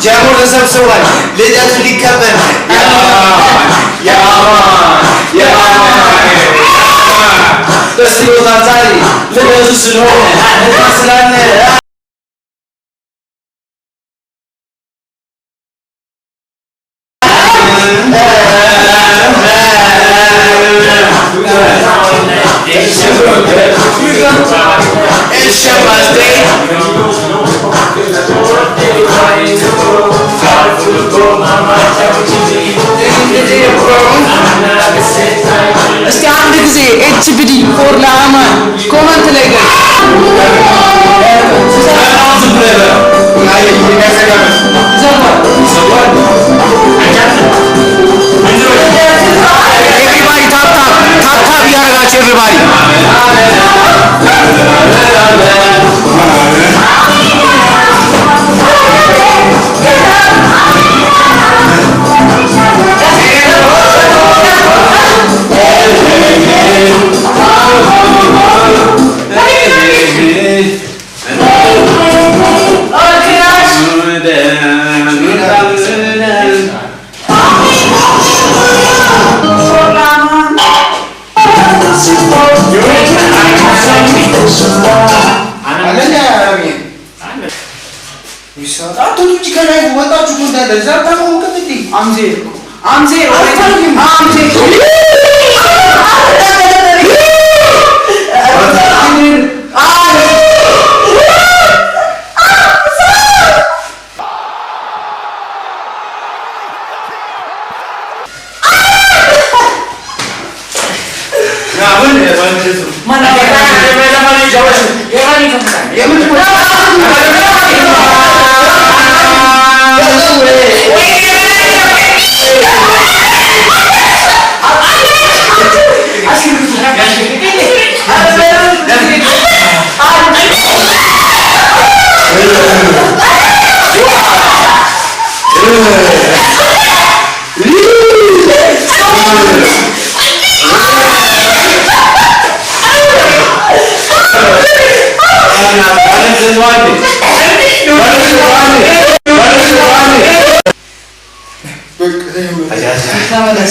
Jamur is up so much. Let us recover. Yeah, yeah, yeah. Let's see what I say. Let us know. Let us know. And shall I stay? ተመለስ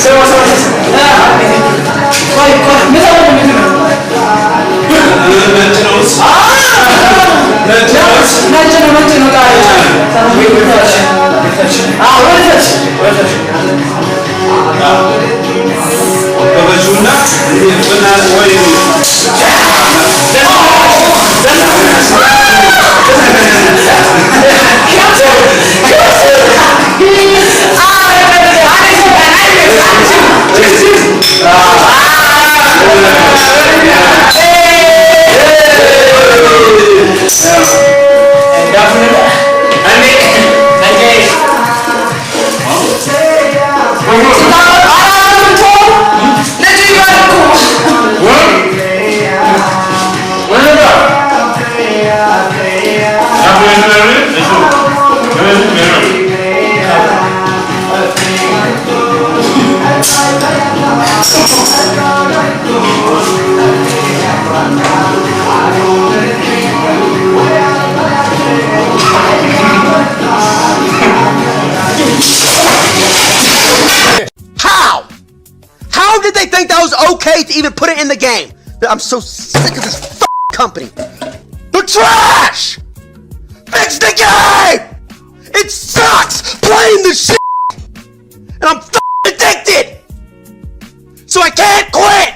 それはそうです。ああ、こ I'm so sick of this company. The trash! Fix the game. It sucks playing the shit! And I'm addicted! So I can't quit!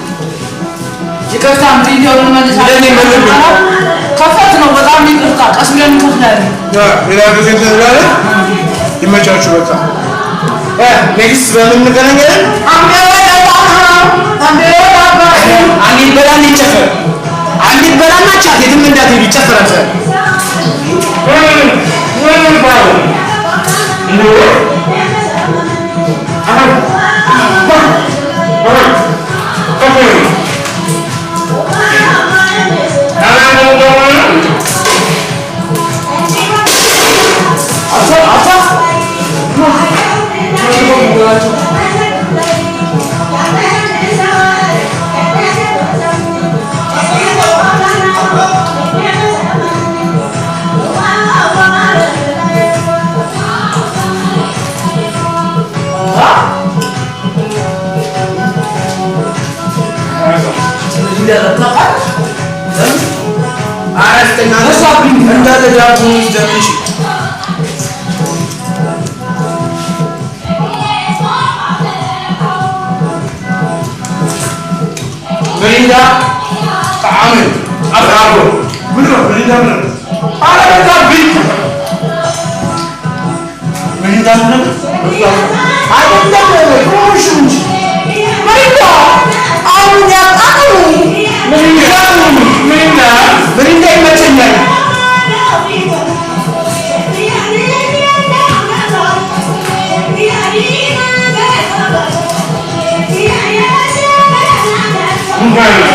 ይቅርታ ቪዲዮውን ከፈት ነው በጣም ይቅርታ። ቀስ ብለን ይመቻችሁ። በቃ ኔክስት በምንገናኛለን። አንዲት በላን ይጨፈር፣ አንዲት በላና ቻት የትም እንዳትሄዱ ይጨፈራል። ሰ ሪዳ ጣዕምን አስራሮ ምን ነው ሪዳ ምን አለበዛ ቢት ሪዳ ምን አይደለም ሮሽ እንጂ ሪዳ አሁን ያጣሩ ሪዳ ምን ሪዳ ይመቸኛል Right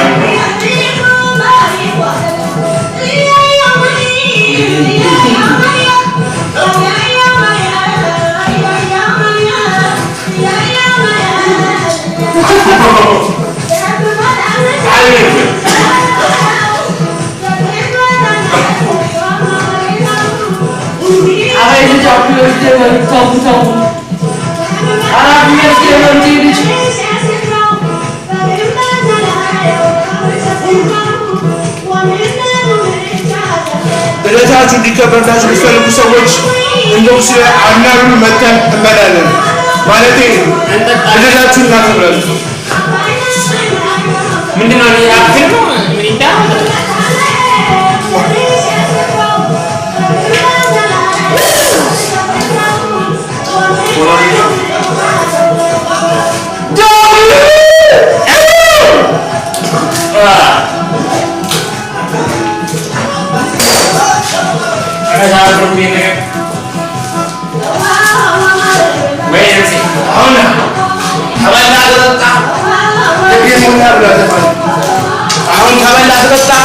ስማችሁ እንዲከበርላችሁ የሚፈልጉ ሰዎች እንደው ውስ አናሉ መተን እንበላለን ማለት እድላችሁ እናከብራለን። ምንድነው ያክል ነው ምንዳ Thank हजार रुपये में मैं ऐसे आओ ना हमारे ना लगता ये मुझे आप लगता आओ हमारे ना लगता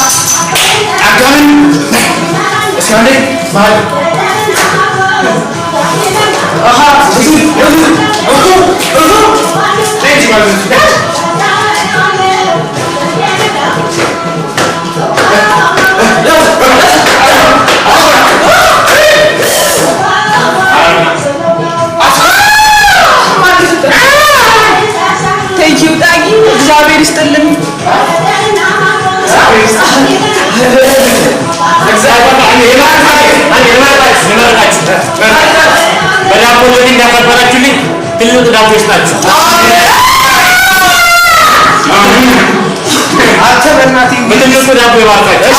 आप कौन इसका नहीं बाहर ይስጥልን። በዳቦ ለኔ እንዳከበራችሁልኝ ትልቅ ዳቦች ናቸው። አንተ በእናትህ በትልቁ ዳቦ ይባርካችሁ።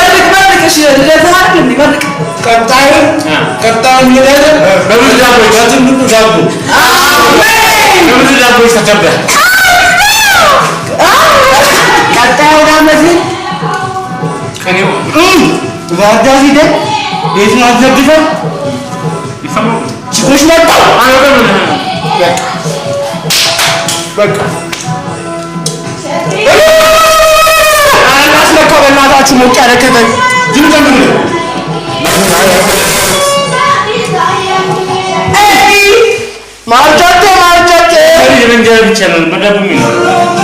መልክ መልክ፣ እሺ ለተዋል መልክ ቀጣዩ ቀጣዩ ሚለለ በብዙ ዳቦ በትልቁ ዳቦ በብዙ ዳቦ ተከበረ። ቀጣይ ወደ ዓመት ግን ባህር ዳር ቤቱን አዘግተን ችኮች መጣሁ። አናስለካ በእናታችሁ ሞቅ ያደረከተን ማርጫቴ ማርጫቴ ብቻ ነው መደብም ይኖራል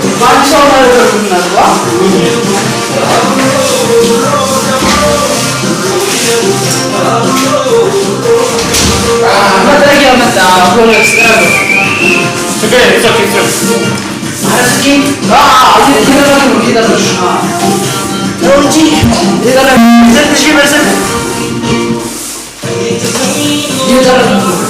Bançolara da bunlar var. Potrzebuję na wolę strawy. Czekaj, wysoki, wysoki. Marski? Aaa, nie da rady, nie da rady. No, ci, nie da rady. Zerwy się, zerwy. Nie da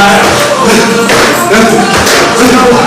Thank you.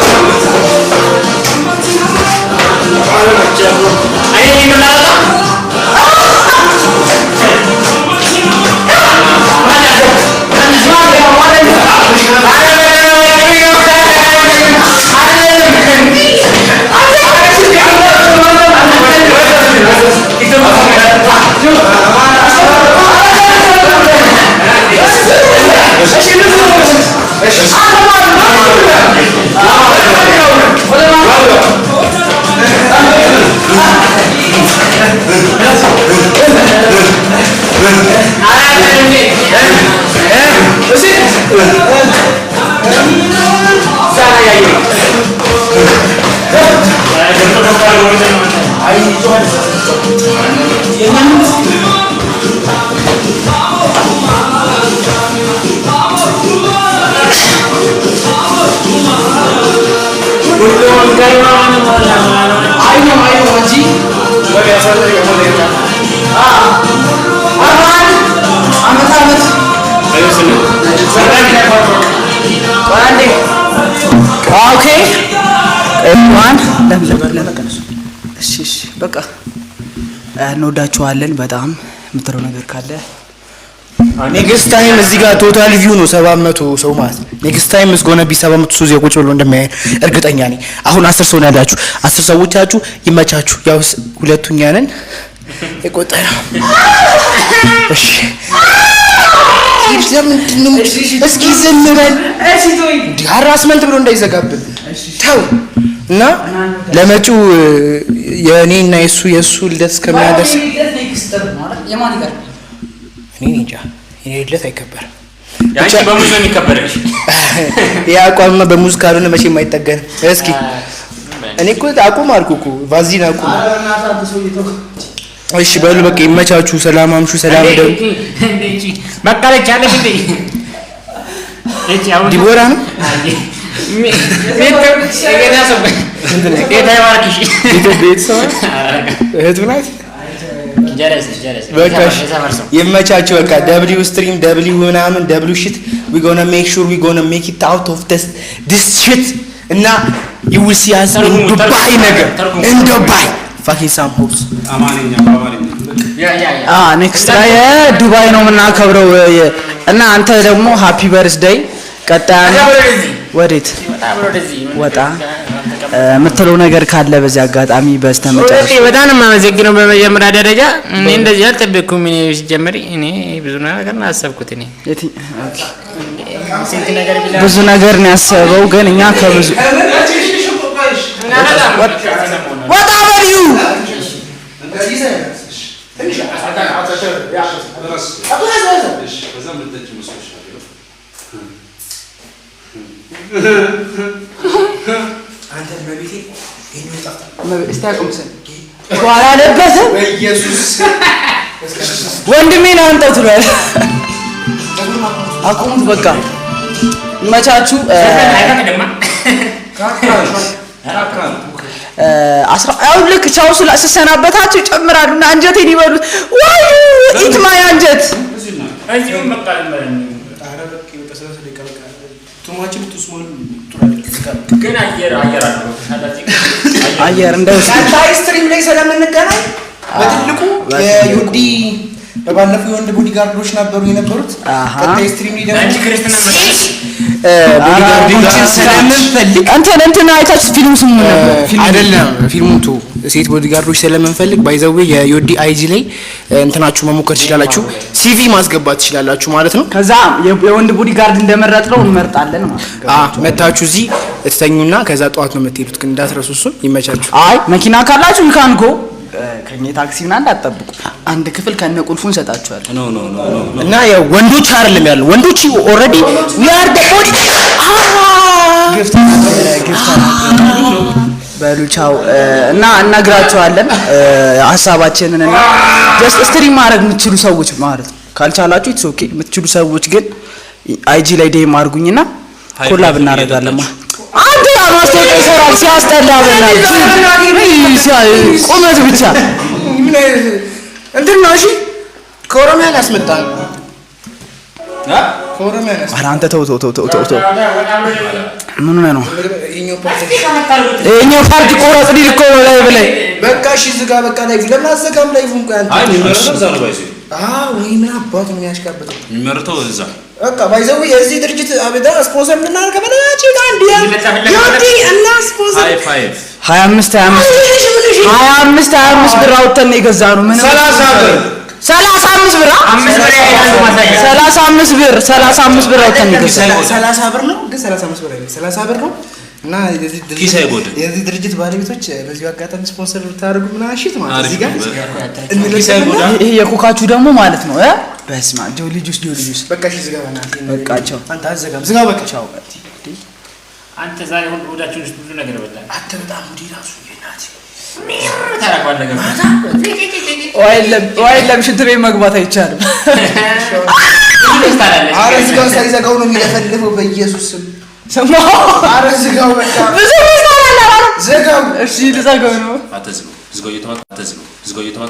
በቃ እንወዳችኋለን በጣም የምትለው ነገር ካለ ኔክስት ታይም እዚህ ጋር ቶታል ቪው ነው ሰባት ሰው ማለት ነው። ኔክስት ታይም እስ ጎነ ቢ ሰባት ሰው እዚህ ብሎ እንደሚያይ እርግጠኛ ነኝ። አሁን አስር ሰው ነው ያላችሁ። አስር ሰዎቻችሁ ይመቻችሁ። ያው ሁለቱኛ ነን የቆጠረው እሺ ሄድሽ? ለምንድን ነው? እስኪ ዝም በል ሀራስመንት ብሎ እንዳይዘጋብን ተው እና ለመጪው የእኔ እና የእሱ የእሱ ልደት እስከሚያደርስ እኔ እንጃ የእኔ ልደት አይከበርም። ይህ በሙዝ ካልሆነ መቼም አይጠገንም። እስኪ እኔ እኮ አቁም አልኩህ እኮ ቫዚን አቁም እሺ በሉ በቃ ይመቻችሁ። ሰላም አምሹ። ሰላም ደው መቀለጫ አለ እንዴ? እቺ አሁን ዲቦራ ነው። ይመቻችሁ። በቃ ደብሊው ስትሪም ደብሊው ምናምን ደብሊው ሽት ዊ ጎና ሜክ ሹር ዊ ጎና ሜክ ኢት አውት ኦፍ ዲስ ሽት እና ዩ ዊል ሲ አስ ኢን ዱባይ ነገር ኢን ዱባይ ፋኪ ሳምፖስ ኔክስት ላይ ዱባይ ነው የምናከብረው እና አንተ ደግሞ ሀፒ በርስደይ ቀጣይ ወዴት ወጣ የምትለው ነገር ካለ በዚህ አጋጣሚ በስተመጨረሻ በጣም የማመሰግነው በመጀመሪያ ደረጃ እኔ እንደዚህ አልጠበቅኩም። እኔ ሲጀምር እኔ ብዙ ነገር ነው ያሰብኩት። እኔ ብዙ ነገር ነው ያሰበው፣ ግን እኛ ከብዙ ወጣ በልዩ ኋላ ለበሰ ወንድሜን አንተው ትሏል። አቁሙት በቃ መቻቹ አሁን ልክ ቻው ስላ ስሰናበታቸው ይጨምራሉ እና አንጀቴን ይበሉት። ዋዩ ኢትማ አንጀት አየር እንደው ስትሪም ላይ ስለምንገናኝ በትልቁ የዩዲ በባለፈው የወንድ ቦዲ ጋርዶች ነበሩ የነበሩት። ቀጣይ ስትሪም ላይ ደግሞ እንትን እንትን አይታችሁ ፊልሙ ስሙ አይደለም ፊልሙ ቱ ሴት ቦዲ ጋርዶች ስለምንፈልግ ባይዘዌ የዩዲ አይጂ ላይ እንትናችሁ መሞከር ትችላላችሁ፣ ሲቪ ማስገባት ትችላላችሁ ማለት ነው። ከዛ የወንድ ቦዲ ጋርድ እንደመረጥነው እንመርጣለን ማለት ነው። መታችሁ እዚህ እስተኙና ከዛ ጠዋት ነው የምትሄዱት፣ ግን እንዳትረሱ እሱን። ይመቻችሁ። አይ መኪና ካላችሁ ይካንጎ ከኛ ታክሲ ምናምን አጠብቁ። አንድ ክፍል ከነ ቁልፉ እንሰጣችኋለን። ኖ ኖ ኖ እና ያው ወንዶች አይደለም ያለው ወንዶች ኦልሬዲ ዊ አር ዘ ቦዲ በሉ ቻው እና እናግራቸዋለን ሀሳባችንን እና ጀስት ስትሪም ማድረግ የምትችሉ ሰዎች ማለት ነው። ካልቻላችሁ ኢትስ ኦኬ። የምትችሉ ሰዎች ግን አይጂ ላይ ዴም አድርጉኝና ኮላብ እናደርጋለን ማለት አንድ ማስታወቂያ ይሰራል። ሲያስጠላ ቁመት ብቻ እንትን ነው። እሺ ከኦሮሚያ ላስመጣ አንተ ተው ተው ተው ተው ተው፣ ምን ነው? የእኛው ፓርቲ ቆራጥ ዲል እኮ ላይ በላይ በቃ እሺ፣ ዝጋ በቃ። ላይቭ ለምን አዘጋም? ላይቭ እንኳን አንተ አይ፣ ምን አባት ነው የሚያሽቃበጠው የሚመርተው እዛ በቃ ባይዘው የዚህ ድርጅት አቤዳ ስፖንሰር ምናደርገ በላጭ አንድ ያዲ እና ስፖንሰር 25 25 25 ብር አውጥተን የገዛ ነው ምን 30 ብር ሰላሳ አምስት ብር ሰላሳ አምስት ብር ሰላሳ አምስት ብር ሰላሳ ብር ነው ግን ሰላሳ አምስት ብር አይደለም፣ ሰላሳ ብር ነው። እና የዚህ ድርጅት ባለቤቶች በዚሁ አጋጣሚ ስፖንሰር ብታደርጉ ምናምን እሺ ማለት ይሄ የኮካችሁ ደግሞ ማለት ነው። በስመ አብ ጆሊ ጁስ በቃ እሺ፣ ዝጋ በእናትህ በቃቸው። አንተ አትዘጋም፣ ዝጋ በቃ። አንተ ዛሬ ሁሉ ነገር በላ አንተ በጣም ሙዲ ራሱ የለም ሽንት ቤት መግባት አይቻልም። ስጋው ሳይዘጋው ነው የሚለፈልፈው። ዘጋው ነው